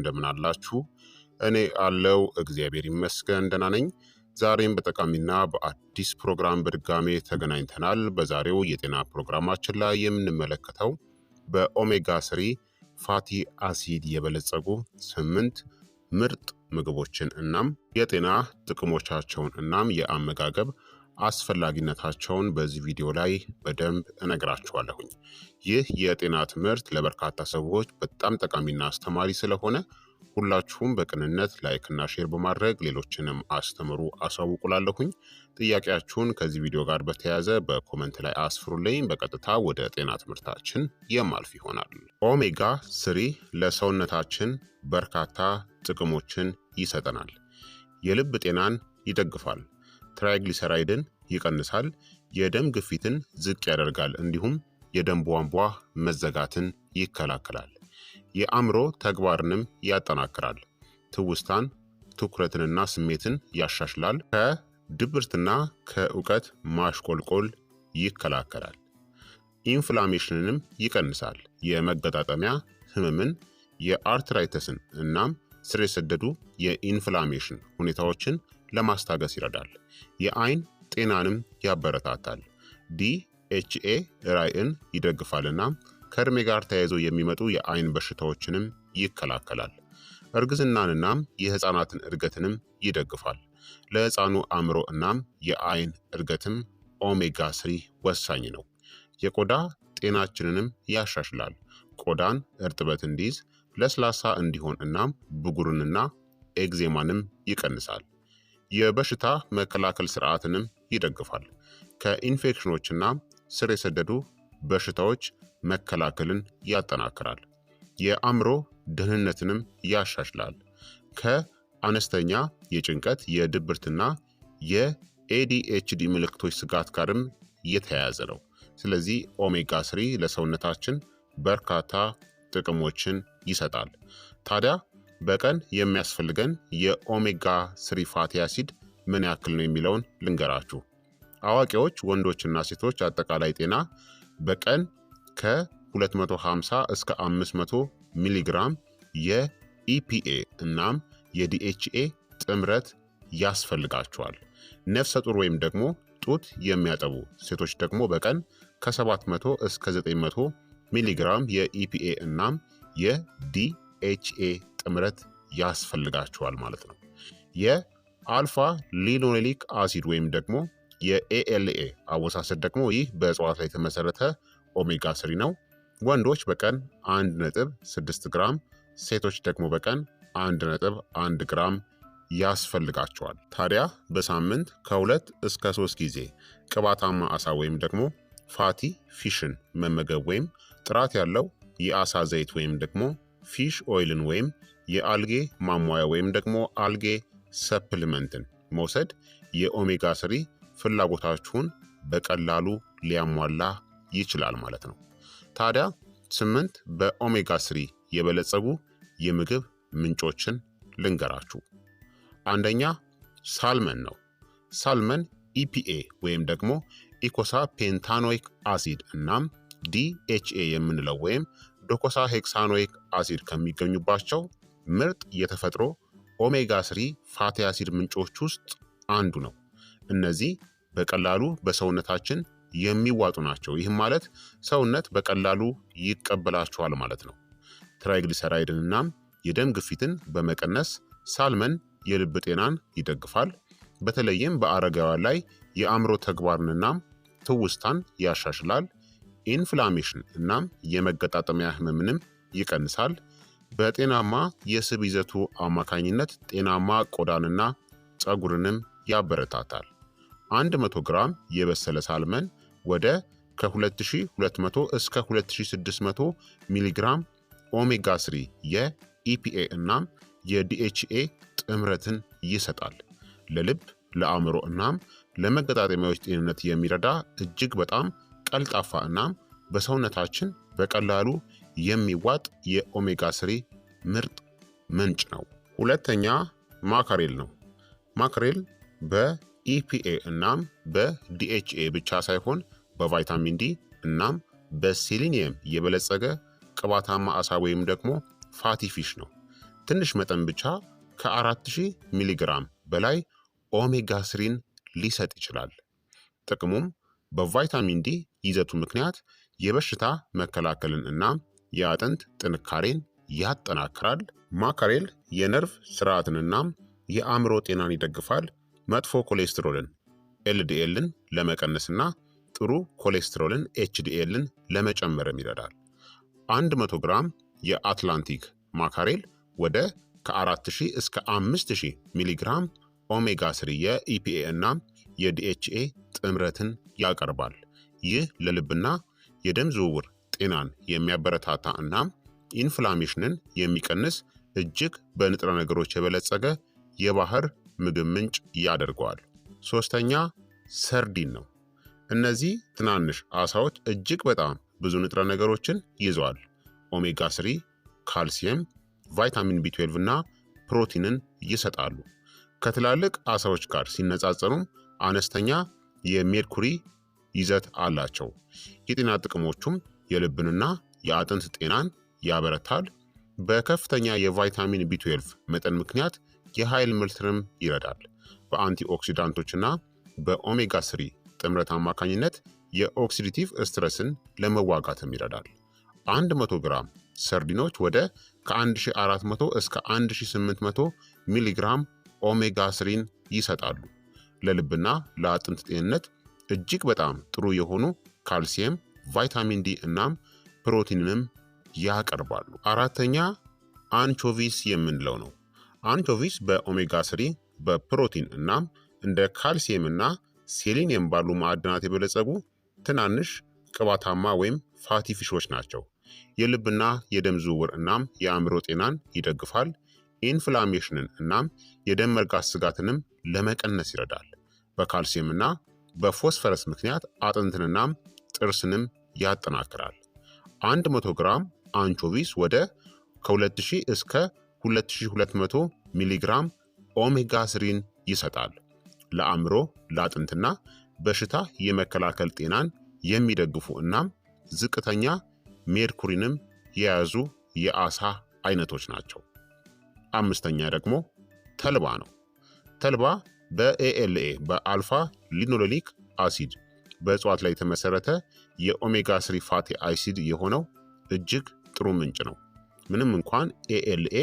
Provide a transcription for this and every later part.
እንደምን አላችሁ? እኔ አለው እግዚአብሔር ይመስገን ደህና ነኝ። ዛሬም በጠቃሚና በአዲስ ፕሮግራም በድጋሜ ተገናኝተናል። በዛሬው የጤና ፕሮግራማችን ላይ የምንመለከተው በኦሜጋ ስሪ ፋቲ አሲድ የበለጸጉ ስምንት ምርጥ ምግቦችን እናም የጤና ጥቅሞቻቸውን እናም የአመጋገብ አስፈላጊነታቸውን በዚህ ቪዲዮ ላይ በደንብ እነግራችኋለሁኝ። ይህ የጤና ትምህርት ለበርካታ ሰዎች በጣም ጠቃሚና አስተማሪ ስለሆነ ሁላችሁም በቅንነት ላይክና ሼር በማድረግ ሌሎችንም አስተምሩ አሳውቁላለሁኝ። ጥያቄያችሁን ከዚህ ቪዲዮ ጋር በተያያዘ በኮመንት ላይ አስፍሩልኝ። በቀጥታ ወደ ጤና ትምህርታችን የማልፍ ይሆናል። ኦሜጋ ስሪ ለሰውነታችን በርካታ ጥቅሞችን ይሰጠናል። የልብ ጤናን ይደግፋል። ትራይግሊሰራይድን ይቀንሳል፣ የደም ግፊትን ዝቅ ያደርጋል፣ እንዲሁም የደም ቧንቧ መዘጋትን ይከላከላል። የአእምሮ ተግባርንም ያጠናክራል፣ ትውስታን፣ ትኩረትንና ስሜትን ያሻሽላል፣ ከድብርትና ከእውቀት ማሽቆልቆል ይከላከላል። ኢንፍላሜሽንንም ይቀንሳል፣ የመገጣጠሚያ ህመምን፣ የአርትራይተስን እናም ስር የሰደዱ የኢንፍላሜሽን ሁኔታዎችን ለማስታገስ ይረዳል። የአይን ጤናንም ያበረታታል። ዲ ራይን ይደግፋል ይደግፋልና ከእድሜ ጋር ተያይዞ የሚመጡ የአይን በሽታዎችንም ይከላከላል። እርግዝናንናም የህፃናትን እድገትንም ይደግፋል። ለህፃኑ አእምሮ እናም የአይን እድገትም ኦሜጋ ስሪ ወሳኝ ነው። የቆዳ ጤናችንንም ያሻሽላል። ቆዳን እርጥበት እንዲይዝ፣ ለስላሳ እንዲሆን እናም ብጉርንና ኤግዜማንም ይቀንሳል። የበሽታ መከላከል ስርዓትንም ይደግፋል። ከኢንፌክሽኖችና ስር የሰደዱ በሽታዎች መከላከልን ያጠናክራል። የአእምሮ ደህንነትንም ያሻሽላል። ከአነስተኛ የጭንቀት የድብርትና የኤዲኤችዲ ምልክቶች ስጋት ጋርም የተያያዘ ነው። ስለዚህ ኦሜጋ ስሪ ለሰውነታችን በርካታ ጥቅሞችን ይሰጣል። ታዲያ በቀን የሚያስፈልገን የኦሜጋ ስሪ ፋቲ አሲድ ምን ያክል ነው የሚለውን ልንገራችሁ። አዋቂዎች ወንዶችና ሴቶች አጠቃላይ ጤና በቀን ከ250 እስከ 500 ሚሊግራም የኢፒኤ እናም የዲኤችኤ ጥምረት ያስፈልጋቸዋል። ነፍሰ ጡር ወይም ደግሞ ጡት የሚያጠቡ ሴቶች ደግሞ በቀን ከ700 እስከ 900 ሚሊግራም የኢፒኤ እናም የዲኤችኤ ጥምረት ያስፈልጋቸዋል ማለት ነው። የአልፋ ሊኖሌኒክ አሲድ ወይም ደግሞ የኤኤልኤ አወሳሰድ ደግሞ ይህ በእጽዋት ላይ የተመሰረተ ኦሜጋ ስሪ ነው። ወንዶች በቀን 1.6 ግራም፣ ሴቶች ደግሞ በቀን 1.1 ግራም ያስፈልጋቸዋል። ታዲያ በሳምንት ከሁለት እስከ ሶስት ጊዜ ቅባታማ አሳ ወይም ደግሞ ፋቲ ፊሽን መመገብ ወይም ጥራት ያለው የአሳ ዘይት ወይም ደግሞ ፊሽ ኦይልን ወይም የአልጌ ማሟያ ወይም ደግሞ አልጌ ሰፕልመንትን መውሰድ የኦሜጋ ስሪ ፍላጎታችሁን በቀላሉ ሊያሟላ ይችላል ማለት ነው። ታዲያ ስምንት በኦሜጋ ስሪ የበለጸጉ የምግብ ምንጮችን ልንገራችሁ። አንደኛ ሳልመን ነው። ሳልመን ኢፒኤ ወይም ደግሞ ኢኮሳ ፔንታኖይክ አሲድ እናም ዲኤችኤ የምንለው ወይም ዶኮሳ ሄክሳኖይክ አሲድ ከሚገኙባቸው ምርጥ የተፈጥሮ ኦሜጋ ስሪ ፋቲ አሲድ ምንጮች ውስጥ አንዱ ነው። እነዚህ በቀላሉ በሰውነታችን የሚዋጡ ናቸው። ይህም ማለት ሰውነት በቀላሉ ይቀበላቸዋል ማለት ነው። ትራይግሊሰራይድን እናም የደም ግፊትን በመቀነስ ሳልመን የልብ ጤናን ይደግፋል። በተለይም በአረጋውያን ላይ የአእምሮ ተግባርንናም ትውስታን ያሻሽላል። ኢንፍላሜሽን እናም የመገጣጠሚያ ህመምንም ይቀንሳል። በጤናማ የስብ ይዘቱ አማካኝነት ጤናማ ቆዳንና ፀጉርንም ያበረታታል። 100 ግራም የበሰለ ሳልመን ወደ ከ2200 እስከ 2600 ሚሊግራም ኦሜጋ 3 የኢፒኤ እናም የዲኤችኤ ጥምረትን ይሰጣል። ለልብ፣ ለአእምሮ እናም ለመገጣጠሚያዎች ጤንነት የሚረዳ እጅግ በጣም ቀልጣፋ እናም በሰውነታችን በቀላሉ የሚዋጥ የኦሜጋ ስሪ ምርጥ ምንጭ ነው። ሁለተኛ ማካሬል ነው። ማካሬል በኢፒኤ እናም በዲኤችኤ ብቻ ሳይሆን በቫይታሚን ዲ እናም በሴሊኒየም የበለጸገ ቅባታማ አሳ ወይም ደግሞ ፋቲ ፊሽ ነው። ትንሽ መጠን ብቻ ከ4000 ሚሊግራም በላይ ኦሜጋ ስሪን ሊሰጥ ይችላል። ጥቅሙም በቫይታሚን ዲ ይዘቱ ምክንያት የበሽታ መከላከልን እና የአጥንት ጥንካሬን ያጠናክራል። ማካሬል የነርቭ ስርዓትንና የአእምሮ ጤናን ይደግፋል። መጥፎ ኮሌስትሮልን ኤልዲኤልን ለመቀነስና ጥሩ ኮሌስትሮልን ኤችዲኤልን ለመጨመርም ይረዳል። 100 ግራም የአትላንቲክ ማካሬል ወደ ከ4000 እስከ 5000 ሚሊግራም ኦሜጋ 3 የኢፒኤ እናም የዲኤችኤ ጥምረትን ያቀርባል። ይህ ለልብና የደም ዝውውር ጤናን የሚያበረታታ እናም ኢንፍላሜሽንን የሚቀንስ እጅግ በንጥረ ነገሮች የበለጸገ የባህር ምግብ ምንጭ ያደርገዋል። ሶስተኛ ሰርዲን ነው። እነዚህ ትናንሽ አሳዎች እጅግ በጣም ብዙ ንጥረ ነገሮችን ይዘዋል። ኦሜጋ ስሪ፣ ካልሲየም፣ ቫይታሚን ቢ12 እና ፕሮቲንን ይሰጣሉ። ከትላልቅ አሳዎች ጋር ሲነጻጸሩም አነስተኛ የሜርኩሪ ይዘት አላቸው። የጤና ጥቅሞቹም የልብንና የአጥንት ጤናን ያበረታል። በከፍተኛ የቫይታሚን ቢ12 መጠን ምክንያት የኃይል ምርትንም ይረዳል። በአንቲኦክሲዳንቶችና በኦሜጋ ስሪ ጥምረት አማካኝነት የኦክሲዲቲቭ ስትረስን ለመዋጋትም ይረዳል። 100 ግራም ሰርዲኖች ወደ ከ1400 እስከ 1800 ሚሊግራም ኦሜጋ ስሪን ይሰጣሉ። ለልብና ለአጥንት ጤንነት እጅግ በጣም ጥሩ የሆኑ ካልሲየም፣ ቫይታሚን ዲ እናም ፕሮቲንንም ያቀርባሉ። አራተኛ አንቾቪስ የምንለው ነው። አንቾቪስ በኦሜጋ ስሪ በፕሮቲን እናም እንደ ካልሲየም እና ሴሊኒየም ባሉ ማዕድናት የበለጸጉ ትናንሽ ቅባታማ ወይም ፋቲ ፊሾች ናቸው። የልብና የደም ዝውውር እናም የአእምሮ ጤናን ይደግፋል። ኢንፍላሜሽንን እናም የደም መርጋት ስጋትንም ለመቀነስ ይረዳል። በካልሲየምና በፎስፈረስ ምክንያት አጥንትንና ጥርስንም ያጠናክራል። 100 ግራም አንቾቪስ ወደ ከ2000 እስከ 2200 ሚሊግራም ኦሜጋ ስሪን ይሰጣል። ለአእምሮ ለአጥንትና በሽታ የመከላከል ጤናን የሚደግፉ እናም ዝቅተኛ ሜርኩሪንም የያዙ የአሳ አይነቶች ናቸው። አምስተኛ ደግሞ ተልባ ነው። ተልባ በኤኤልኤ በአልፋ ሊኖሌኒክ አሲድ በእጽዋት ላይ የተመሰረተ የኦሜጋ ስሪ ፋቲ አሲድ የሆነው እጅግ ጥሩ ምንጭ ነው። ምንም እንኳን ኤኤልኤ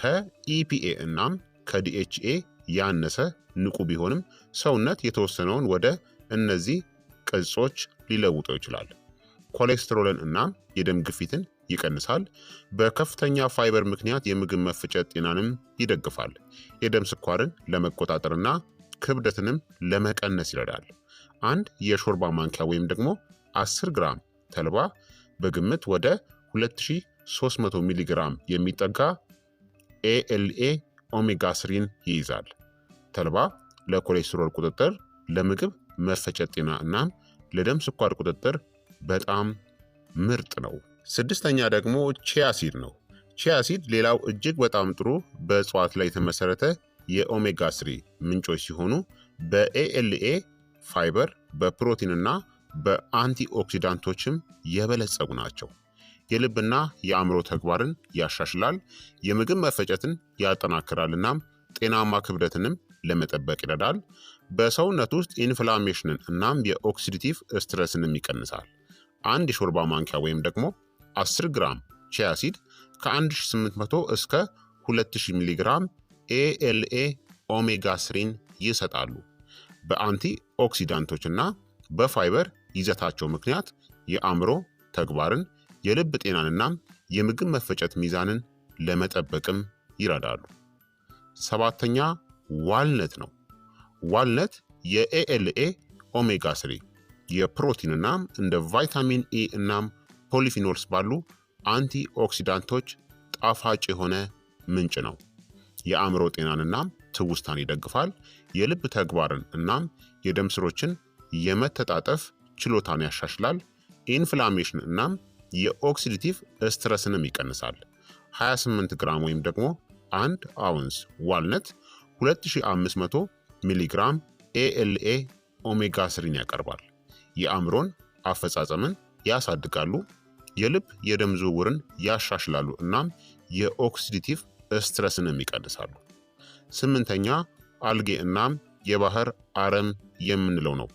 ከኢፒኤ እናም ከዲኤችኤ ያነሰ ንቁ ቢሆንም ሰውነት የተወሰነውን ወደ እነዚህ ቅጾች ሊለውጠው ይችላል። ኮሌስትሮልን እናም የደም ግፊትን ይቀንሳል። በከፍተኛ ፋይበር ምክንያት የምግብ መፍጨት ጤናንም ይደግፋል። የደም ስኳርን ለመቆጣጠርና ክብደትንም ለመቀነስ ይረዳል። አንድ የሾርባ ማንኪያ ወይም ደግሞ 10 ግራም ተልባ በግምት ወደ 2300 ሚሊግራም የሚጠጋ ኤኤልኤ ኦሜጋ ስሪን ይይዛል። ተልባ ለኮሌስትሮል ቁጥጥር፣ ለምግብ መፈጨት ጤና እናም ለደም ስኳር ቁጥጥር በጣም ምርጥ ነው። ስድስተኛ ደግሞ ቺያሲድ ነው። ቺያሲድ ሌላው እጅግ በጣም ጥሩ በእጽዋት ላይ የተመሰረተ የኦሜጋ ስሪ ምንጮች ሲሆኑ በኤኤልኤ ፋይበር፣ በፕሮቲንና በአንቲኦክሲዳንቶችም የበለጸጉ ናቸው። የልብና የአእምሮ ተግባርን ያሻሽላል፣ የምግብ መፈጨትን ያጠናክራል፣ እናም ጤናማ ክብደትንም ለመጠበቅ ይረዳል። በሰውነት ውስጥ ኢንፍላሜሽንን እናም የኦክሲዲቲቭ ስትረስንም ይቀንሳል። አንድ የሾርባ ማንኪያ ወይም ደግሞ 10 ግራም አሲድ ከ1800 እስከ 2000 ሚሊ ግራም ኤኤልኤ ኦሜጋ ስሪን ይሰጣሉ። በአንቲ ኦክሲዳንቶች እና በፋይበር ይዘታቸው ምክንያት የአእምሮ ተግባርን፣ የልብ ጤናንና የምግብ መፈጨት ሚዛንን ለመጠበቅም ይረዳሉ። ሰባተኛ ዋልነት ነው። ዋልነት የኤኤልኤ ኦሜጋ ስሪ የፕሮቲን እናም እንደ ቫይታሚን ኢ እናም ፖሊፊኖልስ ባሉ አንቲ ኦክሲዳንቶች ጣፋጭ የሆነ ምንጭ ነው። የአእምሮ ጤናን እናም ትውስታን ይደግፋል። የልብ ተግባርን እናም የደም ስሮችን የመተጣጠፍ ችሎታን ያሻሽላል። ኢንፍላሜሽን እናም የኦክሲዲቲቭ ስትረስንም ይቀንሳል። 28 ግራም ወይም ደግሞ አንድ አውንስ ዋልነት 2500 ሚሊግራም ኤኤልኤ ኦሜጋ ስሪን ያቀርባል። የአእምሮን አፈጻጸምን ያሳድጋሉ። የልብ የደም ዝውውርን ያሻሽላሉ እናም የኦክሲዲቲቭ ስትረስንም ይቀንሳሉ። ስምንተኛ አልጌ እናም የባህር አረም የምንለው ነው።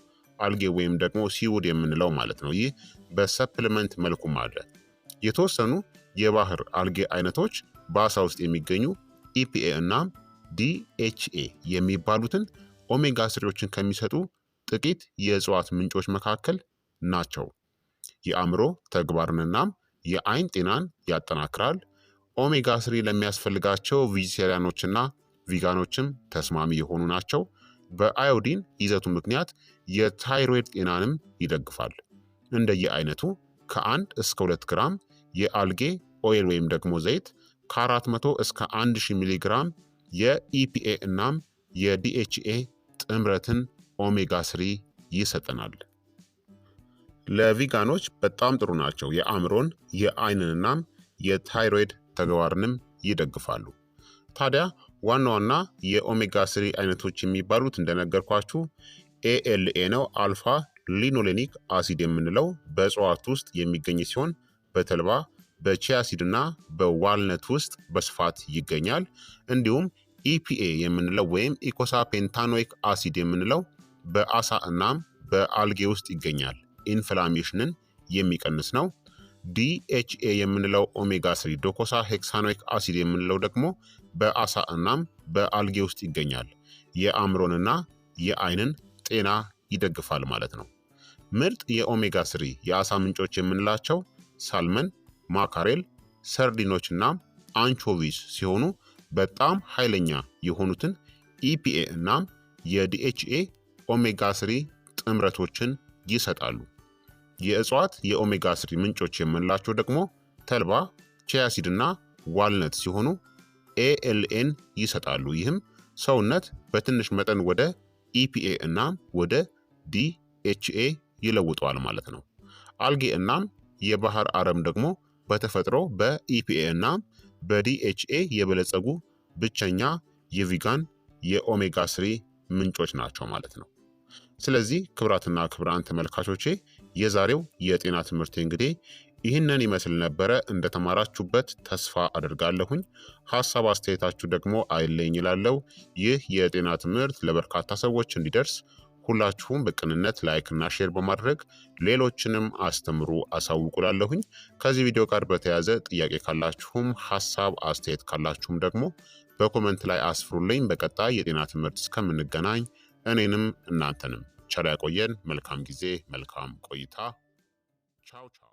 አልጌ ወይም ደግሞ ሲውድ የምንለው ማለት ነው። ይህ በሰፕልመንት መልኩም አለ። የተወሰኑ የባህር አልጌ አይነቶች በአሳ ውስጥ የሚገኙ ኢፒኤ እናም ዲኤችኤ የሚባሉትን ኦሜጋ ስሪዎችን ከሚሰጡ ጥቂት የእጽዋት ምንጮች መካከል ናቸው። የአእምሮ ተግባርንና የአይን ጤናን ያጠናክራል። ኦሜጋ ስሪ ለሚያስፈልጋቸው ቪጂቴሪያኖችና ቪጋኖችም ተስማሚ የሆኑ ናቸው። በአዮዲን ይዘቱ ምክንያት የታይሮይድ ጤናንም ይደግፋል። እንደየአይነቱ ከአንድ እስከ ሁለት ግራም የአልጌ ኦይል ወይም ደግሞ ዘይት ከ400 እስከ 1000 ሚሊ ግራም የኢፒኤ እናም የዲኤችኤ ጥምረትን ኦሜጋ ስሪ ይሰጠናል። ለቪጋኖች በጣም ጥሩ ናቸው። የአእምሮን የአይንንና የታይሮይድ ተግባርንም ይደግፋሉ። ታዲያ ዋና ዋና የኦሜጋ ስሪ አይነቶች የሚባሉት እንደነገርኳችሁ ኤኤልኤ ነው። አልፋ ሊኖሌኒክ አሲድ የምንለው በእጽዋት ውስጥ የሚገኝ ሲሆን በተልባ በቺያ አሲድና በዋልነት ውስጥ በስፋት ይገኛል። እንዲሁም ኢፒኤ የምንለው ወይም ኢኮሳፔንታኖይክ አሲድ የምንለው በአሳ እናም በአልጌ ውስጥ ይገኛል። ኢንፍላሜሽንን የሚቀንስ ነው። ዲኤችኤ የምንለው ኦሜጋ ስሪ ዶኮሳ ሄክሳኖይክ አሲድ የምንለው ደግሞ በአሳ እናም በአልጌ ውስጥ ይገኛል። የአእምሮንና የአይንን ጤና ይደግፋል ማለት ነው። ምርጥ የኦሜጋ ስሪ የአሳ ምንጮች የምንላቸው ሳልመን፣ ማካሬል፣ ሰርዲኖች እና አንቾቪስ ሲሆኑ በጣም ኃይለኛ የሆኑትን ኢፒኤ እናም የዲኤችኤ ኦሜጋ ስሪ ጥምረቶችን ይሰጣሉ። የእጽዋት የኦሜጋ ስሪ ምንጮች የምንላቸው ደግሞ ተልባ፣ ቺያሲድ ና ዋልነት ሲሆኑ ኤኤልኤን ይሰጣሉ። ይህም ሰውነት በትንሽ መጠን ወደ ኢፒኤ እናም ወደ ዲኤችኤ ይለውጠዋል ማለት ነው። አልጌ እናም የባህር አረም ደግሞ በተፈጥሮ በኢፒኤ እናም በዲኤችኤ የበለጸጉ ብቸኛ የቪጋን የኦሜጋ ስሪ ምንጮች ናቸው ማለት ነው። ስለዚህ ክብራትና ክብራን ተመልካቾቼ የዛሬው የጤና ትምህርቴ እንግዲህ ይህንን ይመስል ነበረ። እንደተማራችሁበት ተስፋ አድርጋለሁኝ። ሀሳብ አስተያየታችሁ ደግሞ አይለኝ ይላለው። ይህ የጤና ትምህርት ለበርካታ ሰዎች እንዲደርስ ሁላችሁም በቅንነት ላይክና ሼር በማድረግ ሌሎችንም አስተምሩ አሳውቁላለሁኝ። ከዚህ ቪዲዮ ጋር በተያያዘ ጥያቄ ካላችሁም ሀሳብ አስተያየት ካላችሁም ደግሞ በኮመንት ላይ አስፍሩልኝ። በቀጣይ የጤና ትምህርት እስከምንገናኝ እኔንም እናንተንም ቸር ያቆየን። መልካም ጊዜ፣ መልካም ቆይታ። ቻው ቻው።